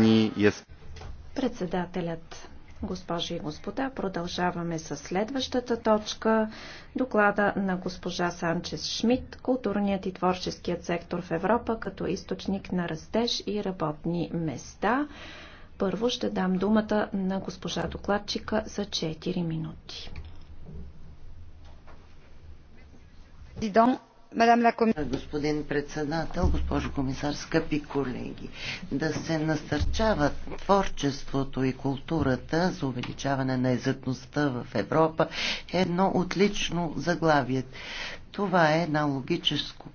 Е Председателят Госпожи и господа, продължаваме с следващата точка. Доклада на госпожа Санчес Шмидт «Културният и творческият сектор в Европа като източник на растеж и работни места». Първо ще дам думата на госпожа докладчика за 4 минути. Господин председател, госпожо комисар, скъпи колеги, да се насърчават творчеството и културата за увеличаване на езътността в Европа е едно отлично заглавие. Това е една логическо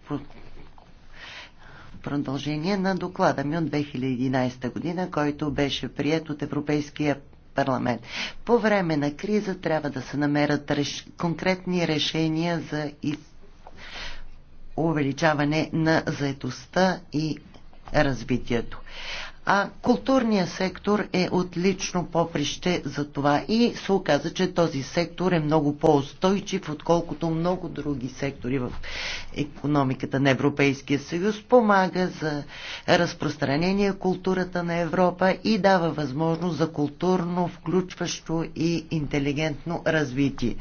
продължение на доклада ми от 2011 година, който беше прият от Европейския парламент. По време на криза трябва да се намерят реш... конкретни решения за увеличаване на заетостта и развитието. А културният сектор е отлично поприще за това и се оказа, че този сектор е много по-устойчив, отколкото много други сектори в економиката на Европейския съюз. Помага за разпространение културата на Европа и дава възможност за културно, включващо и интелигентно развитие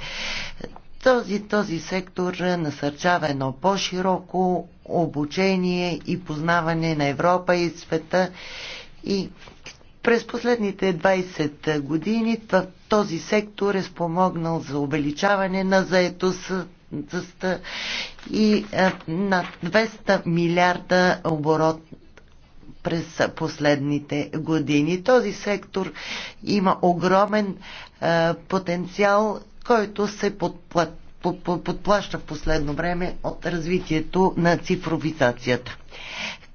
този, този сектор насърчава едно по-широко обучение и познаване на Европа и света и през последните 20 години този сектор е спомогнал за увеличаване на заетостта и над 200 милиарда оборот през последните години. Този сектор има огромен потенциал който се подплаща в последно време от развитието на цифровизацията.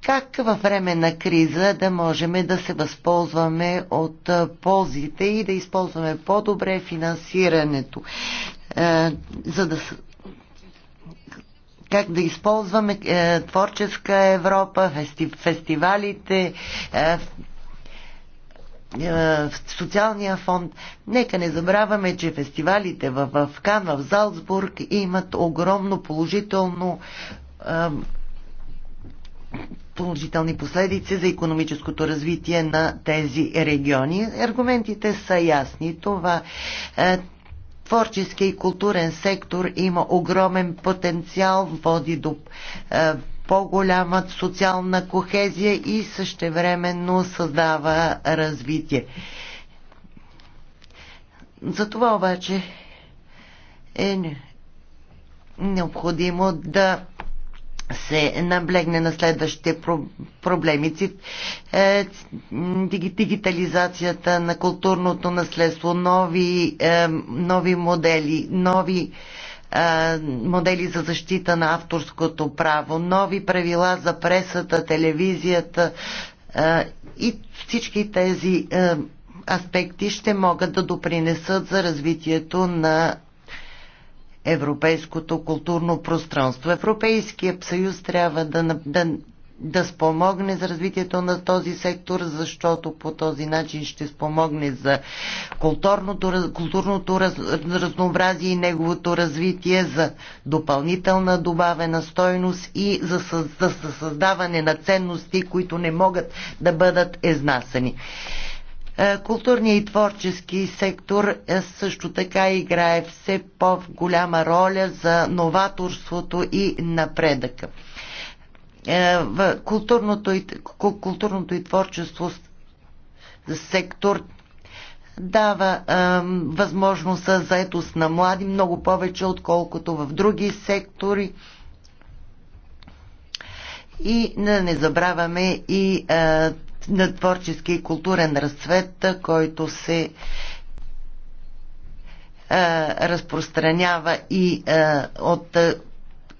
Как във време на криза да можем да се възползваме от ползите и да използваме по-добре финансирането, за да как да използваме е, творческа Европа, фести, фестивалите, е, е, социалния фонд. Нека не забравяме, че фестивалите в, Кан, в Залцбург имат огромно положително положителни последици за економическото развитие на тези региони. Аргументите са ясни. Това е, творческия и културен сектор има огромен потенциал, води до е, по-голяма социална кохезия и същевременно създава развитие. За това обаче е необходимо да се наблегне на следващите проблеми. Е, дигитализацията на културното наследство, нови, е, нови модели, нови модели за защита на авторското право, нови правила за пресата, телевизията и всички тези аспекти ще могат да допринесат за развитието на европейското културно пространство. Европейският съюз трябва да, да да спомогне за развитието на този сектор, защото по този начин ще спомогне за културното, културното раз, разнообразие и неговото развитие, за допълнителна добавена стойност и за, за, за създаване на ценности, които не могат да бъдат изнасени. Е, културният и творчески сектор е, също така играе все по-голяма роля за новаторството и напредъка. Е, културното и, културното и творчество сектор дава е, възможност за заетост на млади много повече, отколкото в други сектори. И не, не забравяме и е, на творчески и културен разцвет, който се е, разпространява и е, от е,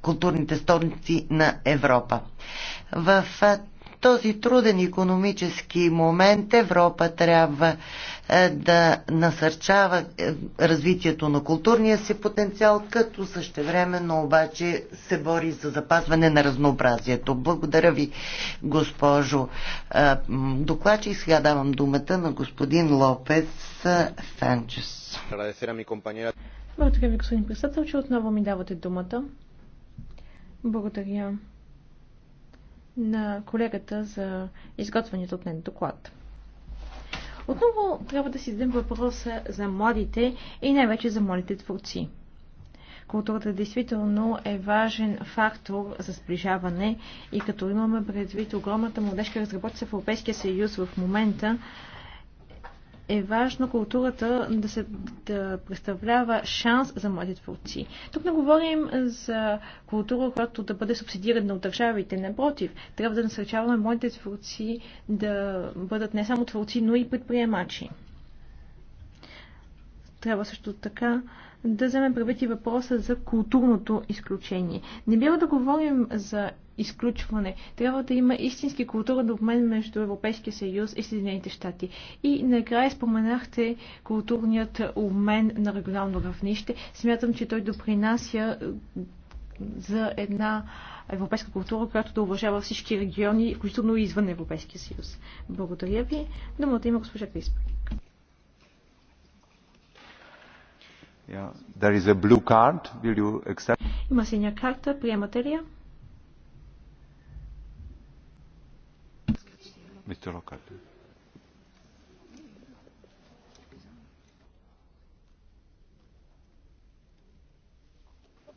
културните столици на Европа. В този труден економически момент Европа трябва да насърчава е, развитието на културния си потенциал, като същевременно обаче се бори за запазване на разнообразието. Благодаря ви, госпожо Доклачи. Сега давам думата на господин Лопес Санчес. Благодаря ви, господин председател, че отново ми давате думата. Благодаря на колегата за изготвянето от нен доклад. Отново трябва да си зададем въпроса за младите и най-вече за младите творци. Културата действително е важен фактор за сближаване и като имаме предвид огромната младежка разработка в Европейския съюз в момента, е важно културата да се да представлява шанс за млади творци. Тук не говорим за култура, която да бъде субсидирана от държавите. Напротив, трябва да насърчаваме младите творци да бъдат не само творци, но и предприемачи. Трябва също така да вземем правити въпроса за културното изключение. Не бива да говорим за изключване. Трябва да има истински културен обмен между Европейския съюз и Съединените щати. И накрая споменахте културният обмен на регионално равнище. Смятам, че той допринася е, за една европейска култура, която да уважава всички региони, включително и извън Европейския съюз. Благодаря ви. Думата има госпожа Криспа. Yeah. There is a blue card. Will you accept? Има синя карта. Приемате ли я? Mr. Lockhart.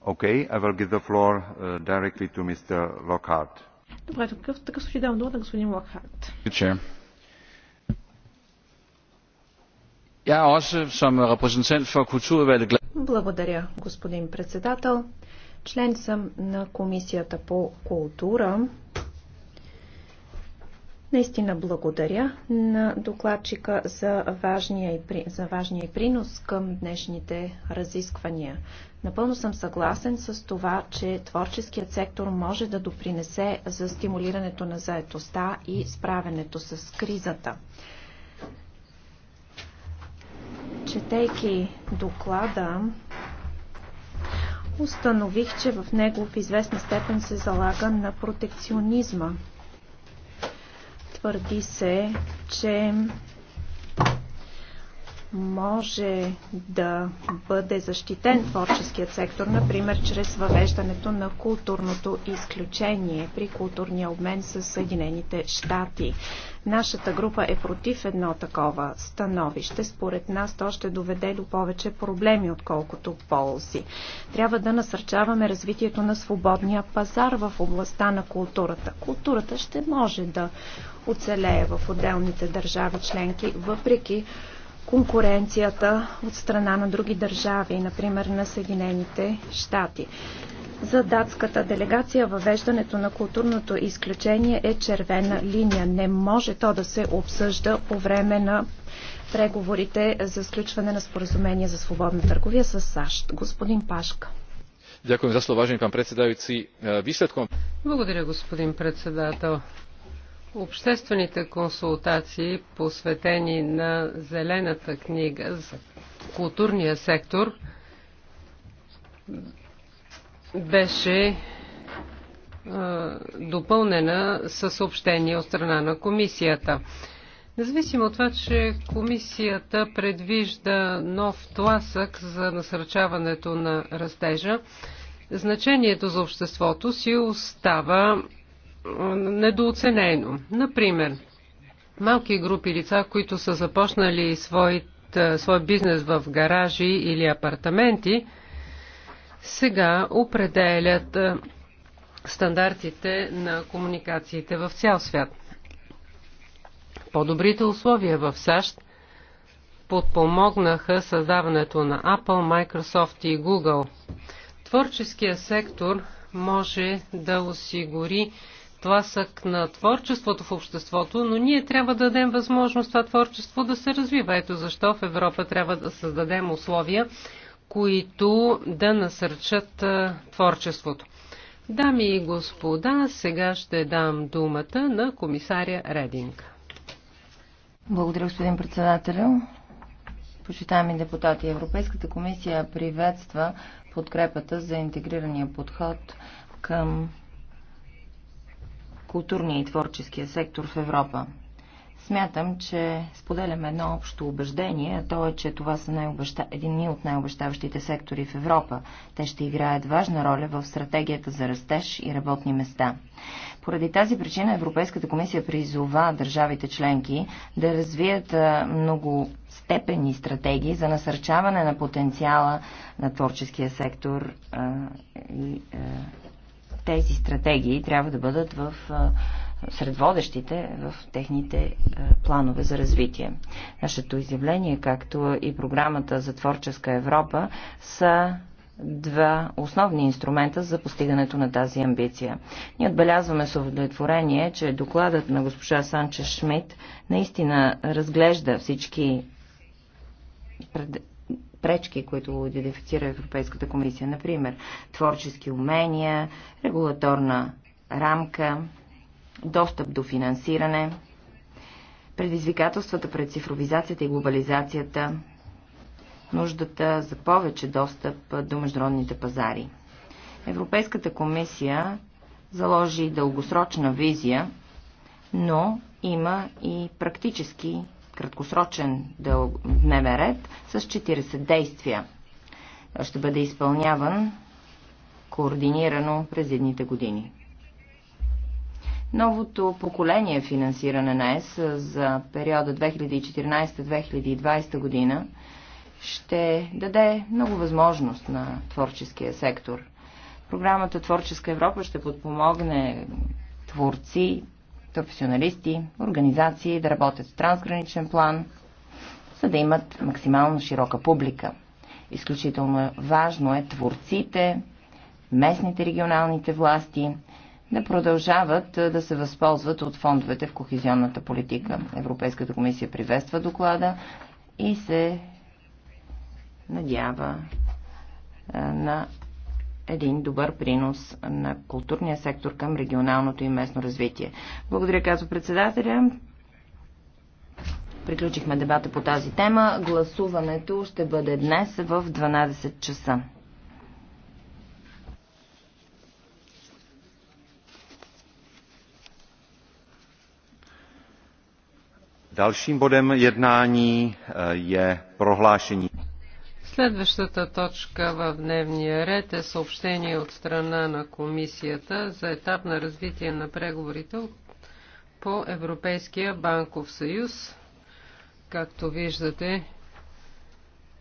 Okay, I will give the floor uh, directly to Mr. Lockhart. Добре, такъв, такъв случай давам думата на господин Локхарт. Я er også som repræsentant for kulturudvalget Благодаря, господин председател. Член съм на Комисията по култура Наистина благодаря на докладчика за важния, и при... за важния и принос към днешните разисквания. Напълно съм съгласен с това, че творческият сектор може да допринесе за стимулирането на заетостта и справянето с кризата. Четейки доклада, установих, че в него в известна степен се залага на протекционизма. Твърди се, че може да бъде защитен творческият сектор, например чрез въвеждането на културното изключение при културния обмен с Съединените щати. Нашата група е против едно такова становище. Според нас то ще доведе до повече проблеми, отколкото ползи. Трябва да насърчаваме развитието на свободния пазар в областта на културата. Културата ще може да оцелее в отделните държави членки, въпреки конкуренцията от страна на други държави, например на Съединените щати. За датската делегация въвеждането на културното изключение е червена линия. Не може то да се обсъжда по време на преговорите за сключване на споразумение за свободна търговия с САЩ. Господин Пашка. Е, Благодаря, господин председател. Обществените консултации, посветени на Зелената книга за културния сектор, беше допълнена със съобщение от страна на комисията. Независимо от това, че комисията предвижда нов тласък за насърчаването на растежа, значението за обществото си остава недооценено. Например, малки групи лица, които са започнали своят, своят бизнес в гаражи или апартаменти, сега определят стандартите на комуникациите в цял свят. По-добрите условия в САЩ подпомогнаха създаването на Apple, Microsoft и Google. Творческия сектор може да осигури тласък на творчеството в обществото, но ние трябва да дадем възможност това творчество да се развива. Ето защо в Европа трябва да създадем условия, които да насърчат творчеството. Дами и господа, сега ще дам думата на комисаря Рединг. Благодаря, господин председател. Почитаеми депутати, Европейската комисия приветства подкрепата за интегрирания подход към културния и творческия сектор в Европа. Смятам, че споделям едно общо убеждение, а то е, че това са най-обеща... едни от най-обещаващите сектори в Европа. Те ще играят важна роля в стратегията за растеж и работни места. Поради тази причина Европейската комисия призова държавите членки да развият много степени стратегии за насърчаване на потенциала на творческия сектор и тези стратегии трябва да бъдат в, сред водещите в техните планове за развитие. Нашето изявление, както и програмата за творческа Европа, са два основни инструмента за постигането на тази амбиция. Ние отбелязваме с удовлетворение, че докладът на госпожа Санче Шмидт наистина разглежда всички пречки, които идентифицира Европейската комисия. Например, творчески умения, регулаторна рамка, достъп до финансиране, предизвикателствата пред цифровизацията и глобализацията, нуждата за повече достъп до международните пазари. Европейската комисия заложи дългосрочна визия, но има и практически краткосрочен дъл... дневен ред с 40 действия. Ще бъде изпълняван координирано през едните години. Новото поколение финансиране на ЕС за периода 2014-2020 година ще даде много възможност на творческия сектор. Програмата Творческа Европа ще подпомогне творци, професионалисти, организации да работят в трансграничен план, за да имат максимално широка публика. Изключително е важно е творците, местните регионалните власти да продължават да се възползват от фондовете в кохезионната политика. Европейската комисия приветства доклада и се надява на един добър принос на културния сектор към регионалното и местно развитие. Благодаря, казва председателя. Приключихме дебата по тази тема. Гласуването ще бъде днес в 12 часа. Dalším bodem jednání eh, je prohlášení Следващата точка в дневния ред е съобщение от страна на комисията за етап на развитие на преговорите по Европейския банков съюз. Както виждате,